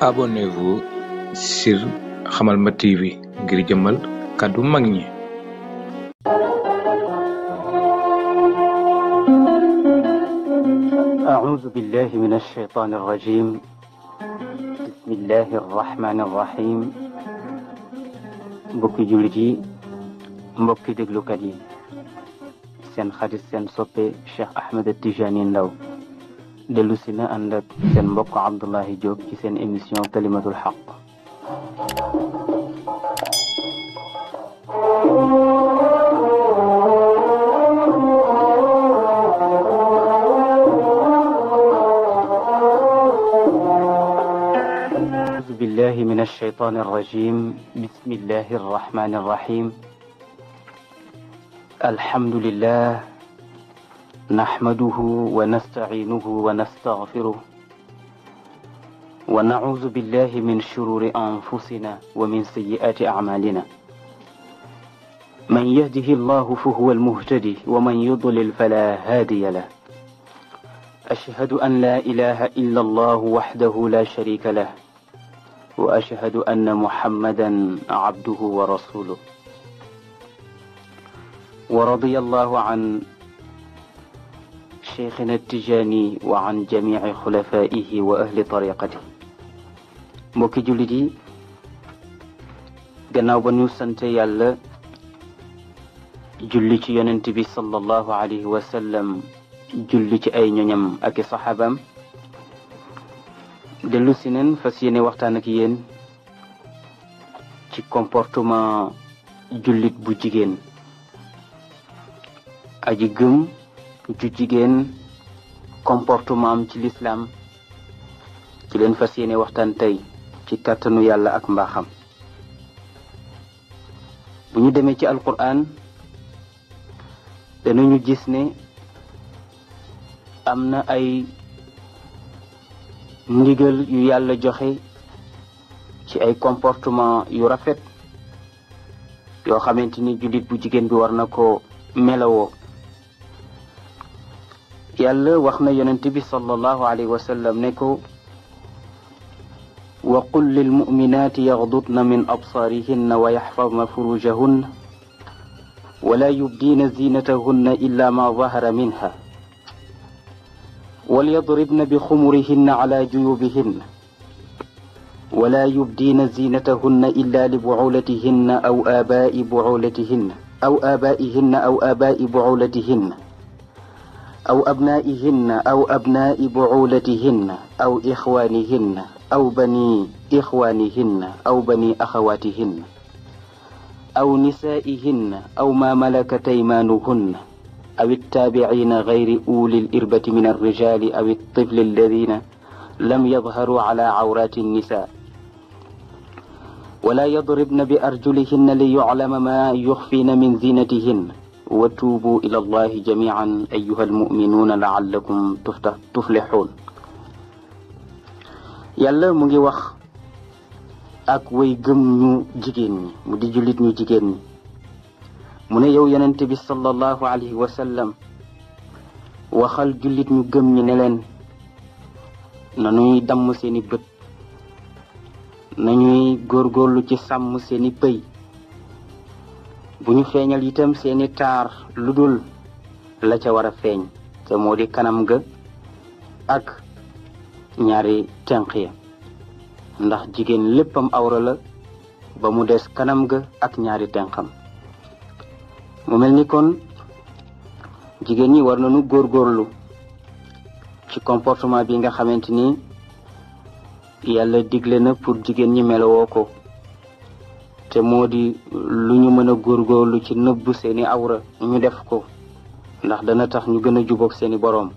abonnez-vous sur Khamalma TV ngir jëmmal kaddu mag ñi أعوذ بالله من الشيطان الرجيم بسم الله الرحمن الرحيم بوكي جولجي بوكي دغلو كادي سن خادس سن صوبي شيخ احمد التجاني لو dellu si na ànd ak seen mbokk Abdoulaye Diop ci seen émission kalimatul xaq أعوذ بالله من الشيطان الرجيم بسم الله الرحمن الرحيم الحمد لله نحمده ونستعينه ونستغفره ونعوذ بالله من شرور أنفسنا ومن سيئات أعمالنا من يهده الله فهو المهتدي ومن يضلل فلا هادي له أشهد أن لا إله إلا الله وحده لا شريك له وأشهد أن محمدا عبده ورسوله ورضي الله عن شيخنا التجاني وعن جميع خلفائه وأهل طريقته mbokki jullit yi gannaaw ba ñu sant yàlla julli ci yonent bi sallallahu alayhi wa sallam julli ci ay ñoñam ak dellu si neen fas yéene waxtaan ak ci comportement jullit bu jigéen aji ju jigen comportement am ci l'islam ci len fasiyene waxtan tay ci katanu yalla ak mbaxam bu ñu ci alquran ñu gis ne amna ay ndigal yu yalla ya joxe ci ay comportement yu rafet yo xamanteni julit bu jigen bi war melawoo yàlla wax na yonent bi sallallahu alayhi wa sallam ne ko wa qul lil فروجهن yaghdudna min absarihinna wa furujahunna ولا يبدين زينتهن إلا ما ظهر منها وليضربن بخمرهن على جيوبهن ولا يبدين زينتهن إلا لبعولتهن أو آباء بعولتهن أو آبائهن أو آباء بعولتهن أو أبنائهن أو أبناء بعولتهن أو إخوانهن أو بني إخوانهن أو بني أخواتهن أو نسائهن أو ما ملكت أيمانهن أو التابعين غير أولي الإربة من الرجال أو الطفل الذين لم يظهروا على عورات النساء ولا يضربن بأرجلهن ليعلم ما يخفين من زينتهن وتوبوا إلى الله جميعا أيها المؤمنون لعلكم تفلحون yàlla mu ngi wax ak way gëm ñu jigéen ñi mu di jullit ñu jigéen ñi mu ne yow yonente bi sallallahu alayhi wa sallam waxal jullit ñu gëm ñi ne leen nañuy damm seeni bët nañuy góorgóorlu ci sàmm seeni pëy buñu feñal itam seeni tar ludul la ca wara feñ te modi kanam ga ak ñaari tenq ya. ndax jigen leppam awra la ba mu dess kanam ga ak ñaari tanxam mu melni kon jigéen warna war nañu gorlu ci comportement bi nga xamanteni yalla diglé na pour jigen ñi te moo di lu ñu mën a góorgóorlu ci nëbbu seeni awra ñu def ko ndax dana tax ñu gën a jubóog seeni boroom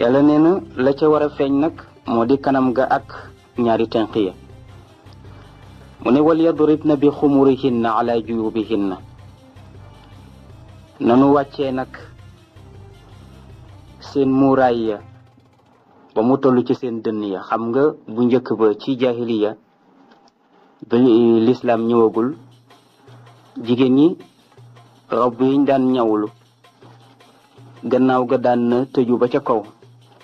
yàlla nee na la ca war a feeñ nag moo di kanam ga ak ñaari tenq ya mu ne wal na bi xumurihinna ala na nanu wàccee nag seen muuraay ya ba mu toll ci seen dënn ya xam nga bu njëkk ba ci jahiliya ba l'islam ñewagul jigeni ñi rob yiñ daan ñawlu gannaaw ga daan tëju ba ca kaw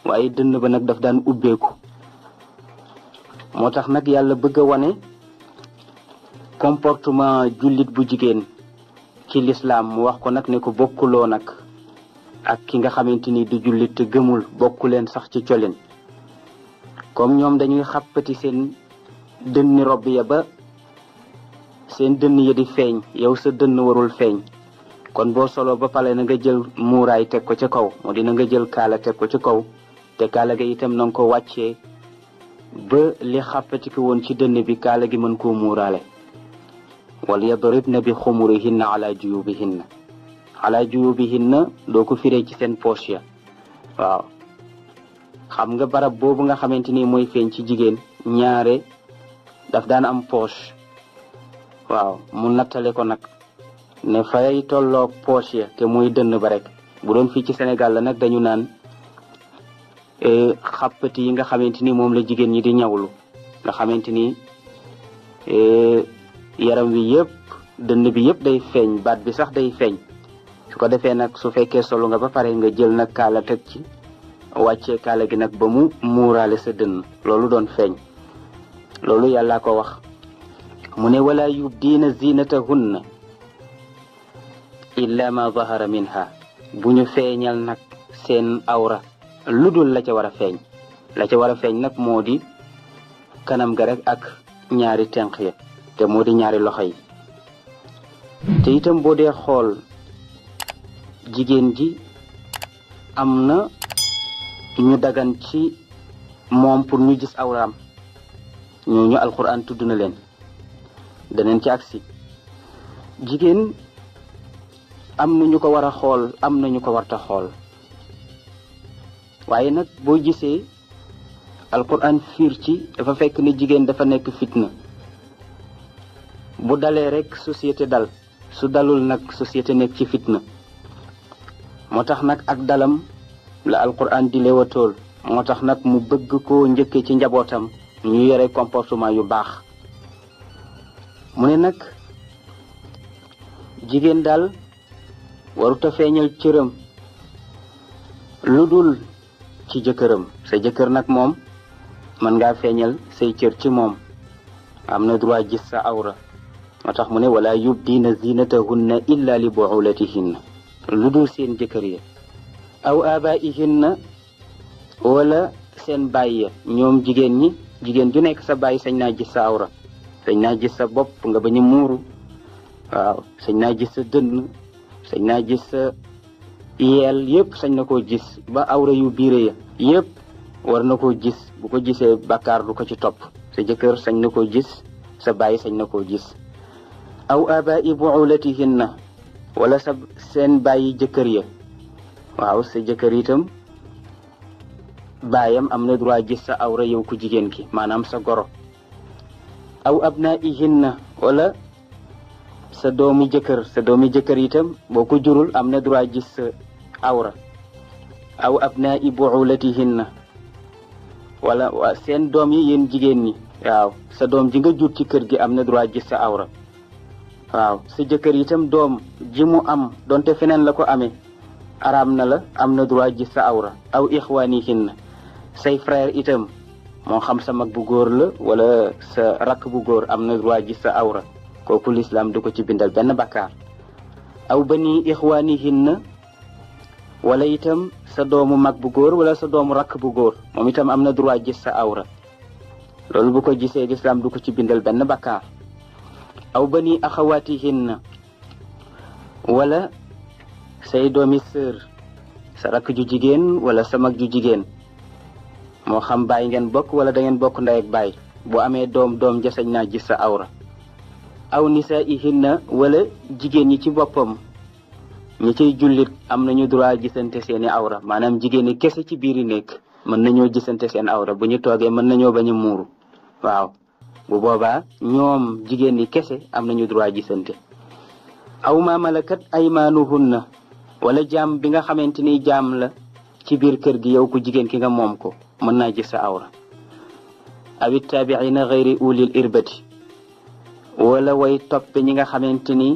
waaye dënd ba nag daf daan ubbeeku moo tax nag yàlla bëgg a wane comportement jullit bu jigéen ci l'islam mu wax ko nag ne ko bokkuloo nag ak ki nga xamante ni du jullit gëmul bokku sax ci colin comme ñoom dañuy xàppati seen dënni robb ya ba seen dënn ya di feeñ yow sa dënn warul feeñ kon boo solo ba pale na nga jël muuraay teg ko ca kaw moo di na nga jël kaala teg ko ci kaw te kaala ga itam na nga ko wàccee ba li xàppatiki woon ci dënn bi kaala gi mën koo muuraale wal yadribna bi xumurihinna xalaa juyubihinna ala juyubihinna doo ko firee ci seen poche ya waaw xam nga barab boobu nga xamante ni mooy feeñ ci jigéen ñaare daf daan am poche waaw mu nattale ko nag ne fayay tolloog poche ya te muy dënn ba rek bu doon fii ci sénégal la nag dañu naan e, xappati yi nga xamante ni moom la jigéen ñi di ñawlu nga xamante ni e, yaram wi yépp dënn bi yépp day feeñ baat bi sax day feeñ su ko defee nag su fekkee solo nga ba pare nga jël nag kaala teg ci wàccee kaala gi nag ba mu muuraale sa dënn loolu doon feeñ loolu yàlla ko wax mu ne wala yubdiina zinatahunna illa ma zahara minha bu ñu feeñal nag seen awra lu dul la ca war a feeñ la ca feeñ nag moo di kanam ga rek ak ñaari tenq ya te moo di ñaari loxo yi te itam boo dee xool jigéen ji am na ñu dagan ci moom pour ñu gis awraam ñooñu alxuraan tudd na leen daneen ci agsi jigéen am na ñu ko war a xool am na ñu ko warta xool waaye nag boo gisee alxuraan fiir ci dafa fekk ne jigéen dafa nekk fitna bu dalee rek société dal su dalul nag société nekk ci fitna moo tax nag ak dalam la alxuraan di leewatool moo tax nag mu bëgg ko njëkke ci njabootam ñu yore comportement yu baax mu ne nag jigéen daal warut a feeñal cëram lu dul ci jëkkëram sa jëkkër nag moom mën ngaa feeñal say cër ci moom am na droit gis sa awra moo tax mu ne wala yubdina zinatahunna illa li buulatihinna lu dul seen jëkkër ya aw na wala seen baay ya ñoom jigéen ñi jigéen ju nekk sa bàyyi sañ naa gis sa awra sañ naa gis sa bopp nga bañ a muuru waaw sañ naa gis sa dënn sañ naa gis sa yeel yëpp sañ na koo gis ba awra yu biire ya yëpp war na koo gis bu ko gisee bàkkaar du ko ci topp sa jëkkër sañ na koo gis sa bàyyi sañ na koo gis aw abai buulatihinna wala sa seen bàyyi jëkkër ya waaw sa jëkkër itam baayam am na droit gis sa awra yow ku jigéen ki maanaam sa goro aw ab na na wala sa doomi jëkkër sa doomi jëkkër itam boo ko jurul am na droit gis sa awra aw abnai buulatihinna wala seen doom yi yéen jigéen ñi waaw sa doom ji nga jur ci kër gi am na droit gis sa awra waaw sa jëkkër yi tam doom ji mu am donte feneen la ko amee araam na la am na droit gis sa awra aw ixwaanihinna say frère itam moo xam sa mag bu góor la wala sa rakk bu góor am na droit gis sa awra kooku lislaam du ko ci bindal benn bakkaar aw bani na wala itam sa doomu mag bu góor wala sa doomu rakk bu góor moom itam am na droit gis sa awra loolu bu ko gisee lislaam du ko ci bindal benn bakkaar aw bani axawaatihinna wala say doomi sœur sa rakk ju jigéen wala sa mag ju jigéen moo xam bàyyi ngeen bokk wala da ngeen bokk ndey baay bàyyi boo amee doom doom ja sañ naa gis sa awra aw nisaa ihinna wala jigéen ñi ci boppam ñi ciy jullit am nañu droit gisante seeni awra maanaam jigéen ñi kese ci biiri nekk mën nañoo gisante seen awra bu ñu toogee mën nañoo bañ a muuru waaw bu boobaa ñoom jigéen ñi kese am nañu droit gisante aw ma malakat aymaanuhunna wala jaam bi nga xamante ni jaam la ci biir kër gi yow ku jigéen ki nga moom ko mën naa gis sa awra aw ittaabiina gayri ulil irbati wala way toppe ñi nga xamante ni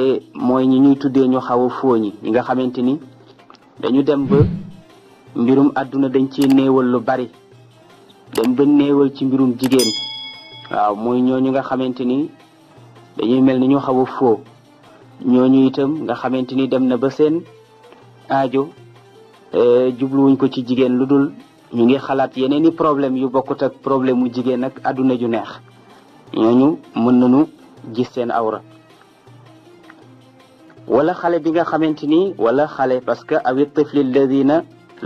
e, mooy ñi ñuy tuddee ñu xaw a fooñi ñi nga xamante ni dañu dem ba mbirum àdduna dañ ci néewal lu bari dañ ba ci mbirum jigéen waaw mooy ñooñu nga xamante ni dañuy mel ni ñu xaw a foo ñooñu itam nga xamante ni dem na ba seen aajo Eh, jubluwuñ ko ci jigéen lu dul ñu ngi xalaat yeneen i problème yu bokkut ak problème mu jigéen nak àdduna ju neex ñooñu mën nañu gis seen awra wala xale bi nga xamante ni wala xale parce que awi tifli alladina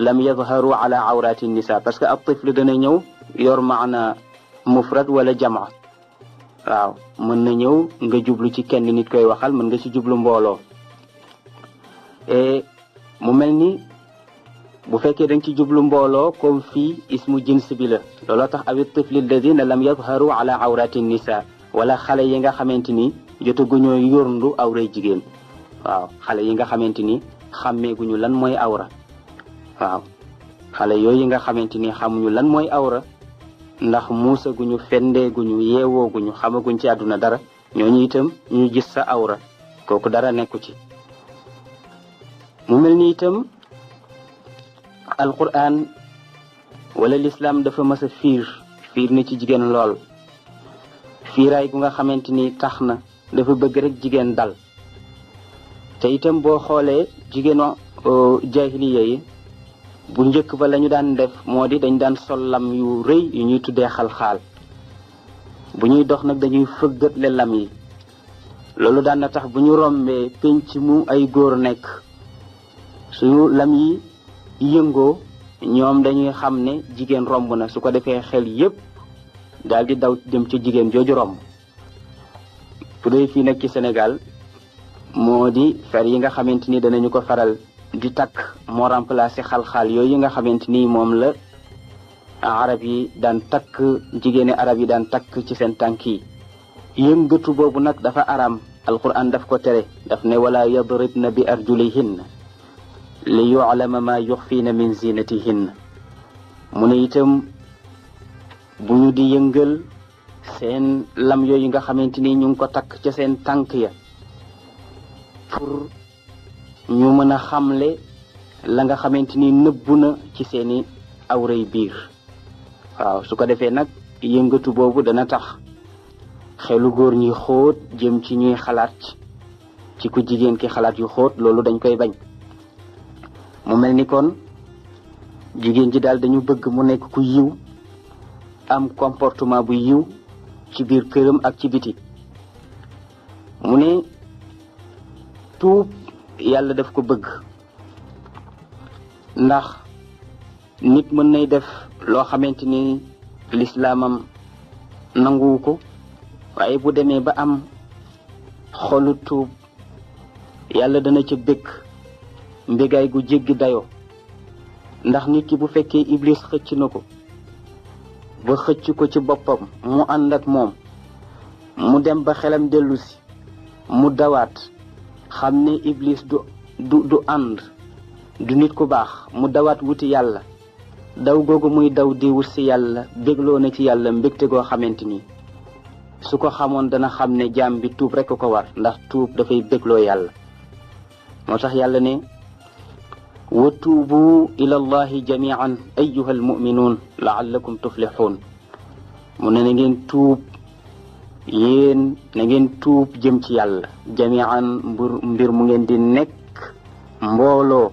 lam yadharu ala awrati nisa parce que ab tifli dana ñëw yor maana mufrad wala jamaa waaw mën na ñëw nga jublu ci kenn nit koy waxal mën nga ci jublu mbooloo eh, mu mel ni bu fekkee da nga ci jublu mbooloo comme fii ismu jins bi la looloo tax awit tifli alladina lam yadharu ala awrati nisa wala xale yi nga xamante ni jotaguñoo yórndu awray jigéen waaw xale yi nga xamante ni xàmmeeguñu lan mooy awra waaw xale yooyu nga xamante ni xamuñu lan mooy awra ndax muusaguñu fendeeguñu yeewooguñu xamaguñ ci àdduna dara ñooñu itam ñu gis sa awra kooku dara nekku ci mu mel ni itam alquran wala lislaam dafa mës a fiir fiir na ci jigéen lool fiiraay gu nga xamante ni tax na dafa bëgg rek jigéen dal te itam boo xoolee jigéenu jaahiliya yi bu njëkk ba lañu daan def moo di dañ daan sol lam yu rëy yu ñuy tuddee xal-xaal bu ñuy dox nag dañuy fëggatle lam yi loolu daan na tax bu ñu rombee ci mu ay góor nekk suñu lam yi yëngoo ñoom dañuy xam ne jigéen romb na su ko defee xel yépp dal di daw dem ci jigéen jooju romb bu dee fii nag ci senegal moo di fer yi nga xamante ni danañu ko faral di takk moo remplacé xal-xal yooyu yi nga xamante ni moom la arab yi daan takk jigéeni arab yi daan takk ci seen tànk yi yëngatu boobu nag dafa araam alquran daf ko tere daf ne wala na bi arjulihinna li yuclama maa yuxfiina ti zinatihinna mu ne itam bu ñu di yëngal seen lam yooyu nga xamante ni ñu ngi ko takk ca seen tànk ya pour ñu mën a xamle la nga xamante ni nëbbu na ci seeni awray biir waaw su ko defee nag yëngatu boobu dana tax xelu góor ñi xoot jëm ci ñuy xalaat ci ku jigéen ki xalaat yu xoot loolu dañ koy bañ mu mel ni kon jigéen ji daal dañu bëgg mu nekk ku yiw am comportement bu yiw ci biir këram ak ci biti mu ne tuub yàlla def ko bëgg ndax nit mën nay def loo xamante ni lislaamam nanguwu ko waaye bu demee ba am xolu tuub yàlla dana ca bëgg mbégaay gu jéggi dayoo ndax nit ki bu fekkee iblis xëcc na ko ba xëcc ko ci boppam mu àndak moom mu dem ba xelam dellu mu dawaat xam ne iblis du ànd du nit ku baax mu dawaat wuti yàlla daw googu muy daw di wut si yàlla bégloo na ci yàlla mbégte goo xamante ni su ko xamoon dana xam ne jaam bi tuub rekk ko war ndax tuub dafay bégloo yàlla moo tax yàlla ne wa tuubu ila allahi jamian ayuha almuminuun laallakum tuflixuun mu ne na ngeen tuub yéen na ngeen tuub jëm ci yàlla jamian an mbir mu ngeen di nekk mbooloo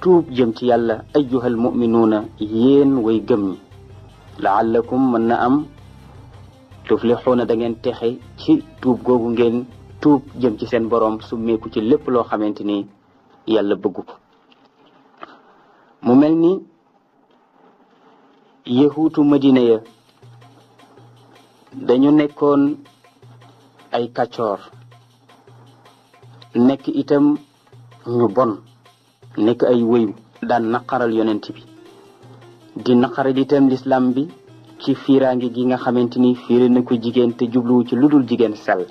tuub jëm ci yàlla ayuha almuminuuna yéen way gëm ñi laallakum mën na am tuflixuuna da dangeen texe ci tuub googu ngeen tuub jëm ci seen borom summeeku ci lépp loo xamante ni yàlla bëggu ko mu mel ni yahuutu madina ya dañu nekkoon ay kaccoor nekk itam ñu bon nekk ay wéyu daan naqaral yonent bi di naqaral itam lislaam bi ci fiiraange gi nga xamante ni fiiri na ko jigéen te jubluwu ci lu dul jigéen sell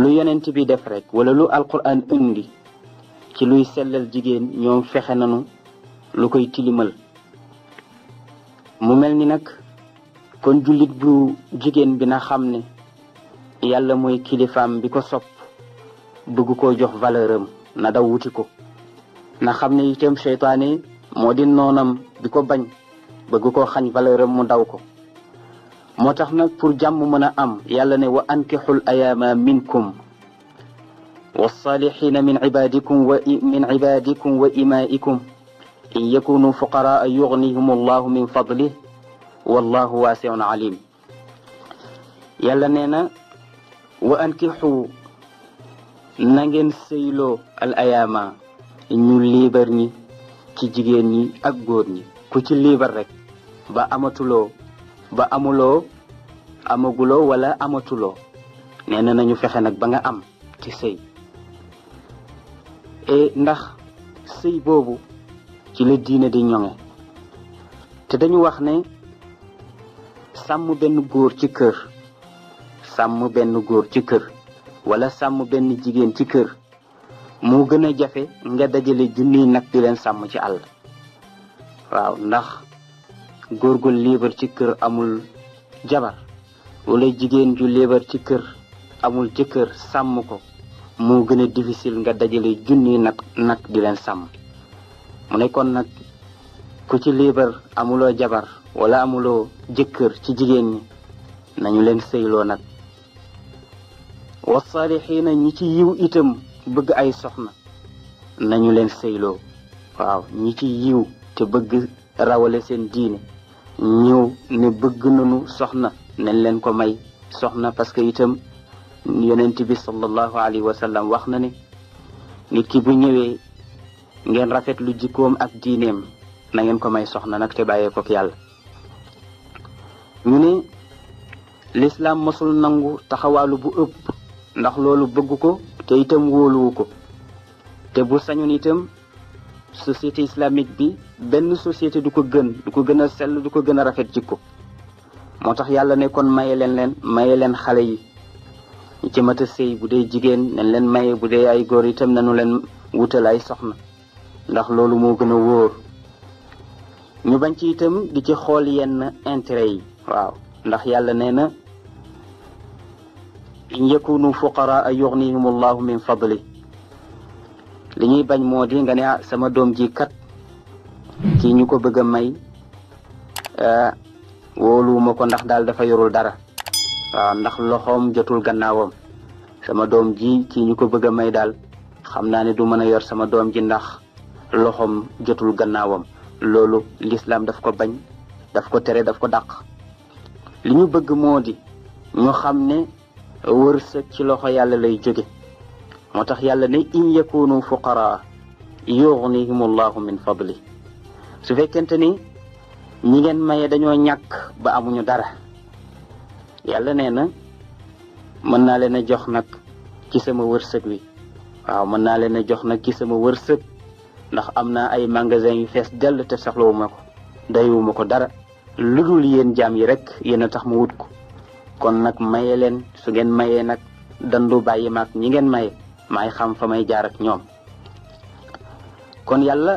lu yonent bi def rekk wala lu alquran indi ci luy sellal jigéen ñoom fexe nanu lu koy tilimal mu mel ni nag kon jullit bu jigéen bi na xam ne yàlla mooy kilifaam bi ko sop bëgg koo jox valeur na daw wuti ko na xam ne itam seytaane moo di noonam bi ko bañ bëgg ko xañ valeur mu daw ko moo tax nag pour jàmm mën a am yàlla ne wa ankixul ayaama minkum والصالحين من عبادكم ومن عبادكم وإمائكم إن يكونوا فقراء يغنيهم الله من فضله والله واسع عليم yàlla nee na wa ankixu na ngeen sëyloo al ayama ñu liibar ñi ci jigéen ñi ak góor ñi ku ci liibar rek ba amatuloo ba amuloo amaguloo wala amatuloo nee na nañu fexe nag ba nga am ci sëy E, ndax sëy boobu ci la diine di ñoŋe te dañu wax ne sàmm benn góor ci kër sàmm benn góor ci kër wala sàmm benn jigéen ci kër moo gën a jafe nga dajale junniy nag di leen sàmm ci àll waaw ndax góor gu liibar ci kër amul jabar wala jigéen ju liibar ci kër amul ci kër sàmm ko moo gën a difficile nga dajale junni nag nag di leen sàmm mu ne kon nag ku ci liibar amuloo jabar wala amuloo jëkkër ci jigéen ñi nañu leen sëyloo nag wasaalixiina ñi ci yiw itam bëgg ay soxna nañu leen sëyloo waaw ñi ci yiw te bëgg rawale seen diine ñëw ne bëgg nañu soxna nañ leen ko may soxna parce que itam yonent bi sallallahu alayhi wa sallam wax na ne nit ki bu ñëwee ngeen rafet lu jikkoom ak diineem na ngeen ko may soxna nag te bàyyee kook yàlla ñu ne lislaam mosul nangu taxawaalu bu ëpp ndax loolu bëgg ko te itam wóoluwu ko te bu sañoon itam société islamique bi benn société du ko gën du ko gën a sell du ko gën a rafet jikko moo tax yàlla ne kon maye leen leen maye leen xale yi ñi ci mat a sëy bu dee jigéen nañ leen may bu dee ay góor itam nañu leen wutal ay soxna ndax loolu moo gën a wóor ñu bañ ci itam di ci xool yenn intérêt yi waaw ndax yàlla nee na in yakunu fuqaraa yugnihim allahu min fadli li ñuy bañ moo di nga ne ah, sama doom ji kat ki ñu ko bëgg a may eh, wóoluwuma ko ndax daal dafa yorul dara waaw ndax loxoom jotul gannaawam sama doom ji ci ñu ko bëgg a may daal xam naa ne du mën a yor sama doom ji ndax loxoom jotul gannaawam loolu lislaam daf ko bañ daf ko tere daf ko dàq li ñu bëgg moo di ñu xam ne wërsëg ci loxo yàlla lay jóge moo tax yàlla ne in yakunu fuqaraa yughnihim allahu min fadli su fekkente ni ñi ngeen maye dañoo ñàkk ba amuñu dara yàlla nee na mën naa leen a jox nag ci sama wërsëg wi waaw mën naa leen a jox nag ci sama wërsëg ndax am naa ay magasin yu fees dell te soxlawu ko dayu ko dara lu dul yéen jaam yi rek yéen a tax mu wut ko kon nag maye leen su ngeen mayee nag dandu bàyyi maag ñi ngeen maye maay xam fa may jaar ak ñoom kon yàlla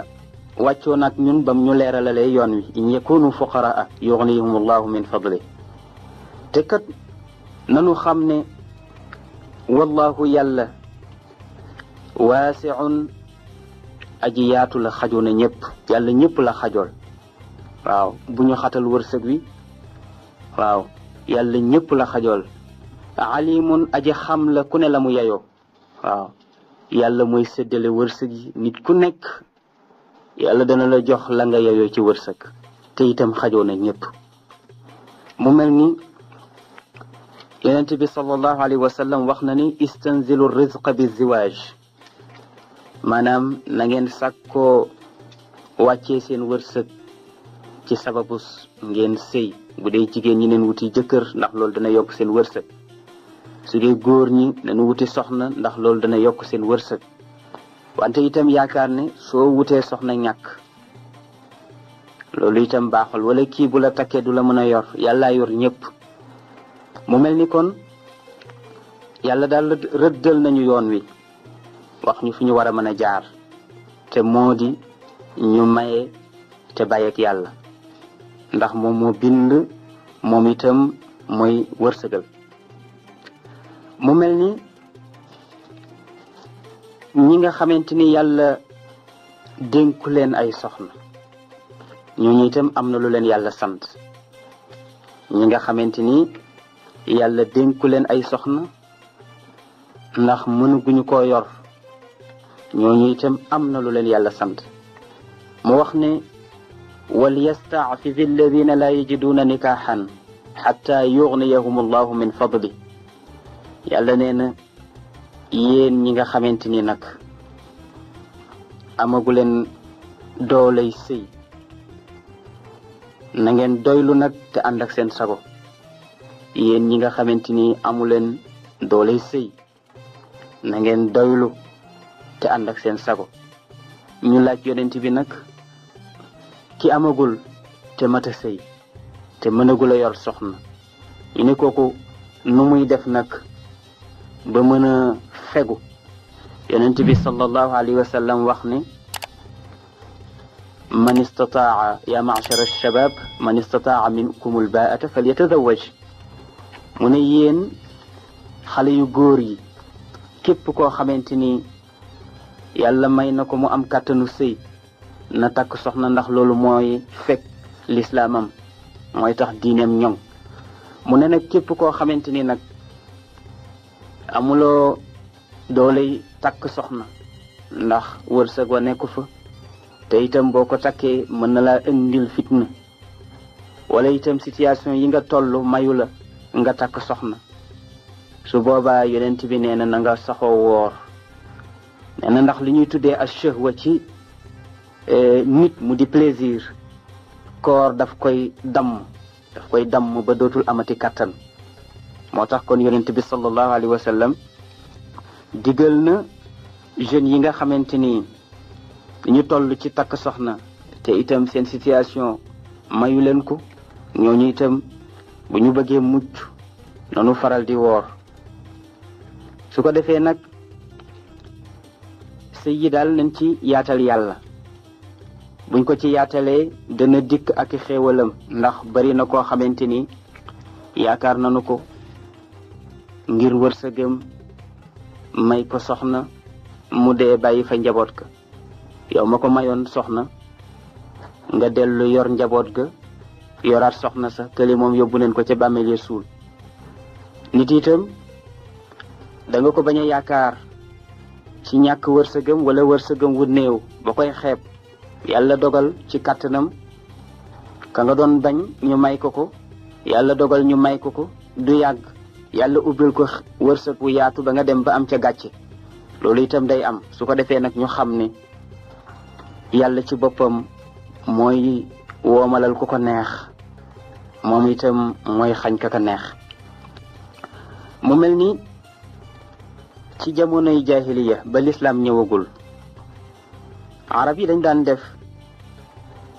wàccoo nag ñun bam ñu leeralalee yoon wi in yakunu fuqaraa yughnihum allahu min fadli te kat nanu xam ne wallahu yàlla waasiun aji yaatu la xajoo na ñëpp yàlla ñëpp la xajool waaw bu xatal wërsëg wi waaw yàlla ñëpp la xajool alimun aji xam la ku ne la mu yeyoo waaw yàlla mooy séddale wërsëg nit ku nekk yàlla dana la jox la nga ci wërsëg te itam xajoo na ñëpp mu mel ni yonent bi sallallahu alayhi wa sallam wax na ni istanzilu rizqa bi ziwaaj maanaam nangeen ngeen sàkkoo wàccee seen wërsëg ci sababus ngeen sëy bu dee jigéen ñi neen wuti jëkkër ndax loolu dana yokk seen wërsëg su dee góor ñi nañu wuti soxna ndax loolu dana yokk seen wërsëg wante itam yaakaar ne soo wutee soxna ñàkk loolu itam baaxul wala kii bu la takkee du la mën a yor yàllaa yor ñëpp mu mel ni kon yàlla daal rëddal nañu yoon wi wax ñu fi ñu war a mën a jaar te moo di ñu maye te bàyyeeg yàlla ndax moom moo bind moom itam mooy wërsëgal mu mel ni ñi nga xamante ni yàlla dénku leen ay soxna ñooñu itam am na lu leen yàlla sant ñi nga xamante ni yàlla dénku leen ay soxna ndax mënuguñu ko yor ñooñu itam am na lu leen yàlla sant mu wax ne wal yastaafifi alladina laa yajiduuna nikaaxan xatta yugniyahum allahu min fadli yàlla nee na yéen ñi nga xamante ni nag amagu leen doolay sëy na ngeen doylu nag te ànd ak seen sago yen ñi nga xamanteni amulen amu doole sëy na ngeen doylu te ànd ak seen sago ñu laaj yonent bi nak ki amagul te mata sëy te mënagul a yor soxna ñu koku nu muy def nak ba mën fegu yonent bi sallallahu alayhi wasallam wax ni من استطاع يا معشر الشباب من استطاع منكم الباءة فليتزوج mu ne yéen xale yu góor yi képp koo xamante ni yàlla may na ko mu am kàttanu sëy na takk soxna ndax loolu mooy fekk lislaamam mooy tax diineem ñoŋ mu ne nag képp koo xamante ni nag amuloo dooley takk soxna ndax wërsëg wa nekku fa te itam boo ko takkee mën na laa indil fitna wala itam situation yi nga toll mayu la nga takk soxna su boobaa yonent bi nee na na nga saxoo woor nee na ndax li ñuy tuddee ak shahwa ci e, nit mu di plaisir koor daf koy damm daf koy damm ba dootul amati kàttan moo tax kon yonent bi sallallahu alayhi wa sallam digal na jeunes yi nga xamante ni ñu toll ci takk soxna te itam seen situation mayu leen ko ñooñu itam bu ñu bëggee mucc nanu faral di woor su ko defee nag sëy yi daal nañ ci yaatal yàlla buñ ko ci yaatalee dana dikk ak xéewalam ndax bari na koo xamante ni yaakaar nanu ko ngir wërsëgam may ko soxna mu dee bàyyi fa njaboot ga yow ma ko mayoon soxna nga dellu yor njaboot ga yoraat soxna sax kële moom yóbbu nañ ko ca bàmmeel ya suul nit itam da nga ko bañ a yaakaar ci ñàkk wërsëgam wala wërsëgam wu néew ba koy xeeb yàlla dogal ci kàttanam ka nga doon bañ ñu may ko ko yàlla dogal ñu may ko ko du yàgg yàlla ubbil ko wërsëg wu yaatu ba nga dem ba am ca gàcce loolu itam day am su ko defee nag ñu xam ne yàlla ci boppam mooy woomalal ko ko neex moom itam mooy xañ ka ka neex mu mel ni ci jamonoy jahiliya ba lislaam ñëwagul arab yi dañ daan def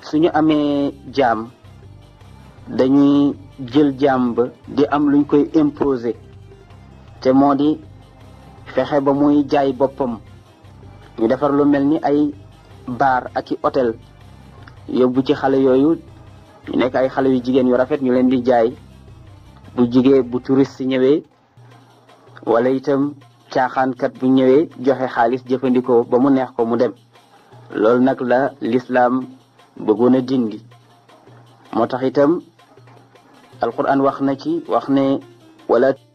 suñu amee jaam dañuy jël jaam ba di am luñ koy imposer te moo di fexe ba muy jaay boppam ñu defar lu mel ni ay baar ak i hôtel yóbbu ci xale yooyu ñu nekk ay xale yu jigéen yu rafet ñu leen di jaay bu jigéen bu touriste ñëwee wala itam caaxaankat bu ñëwee joxe xaalis jëfandikoo ba mu neex ko mu dem loolu nag la lislaam bëggoon a dindi moo tax itam alquran wax na ci wax ne wala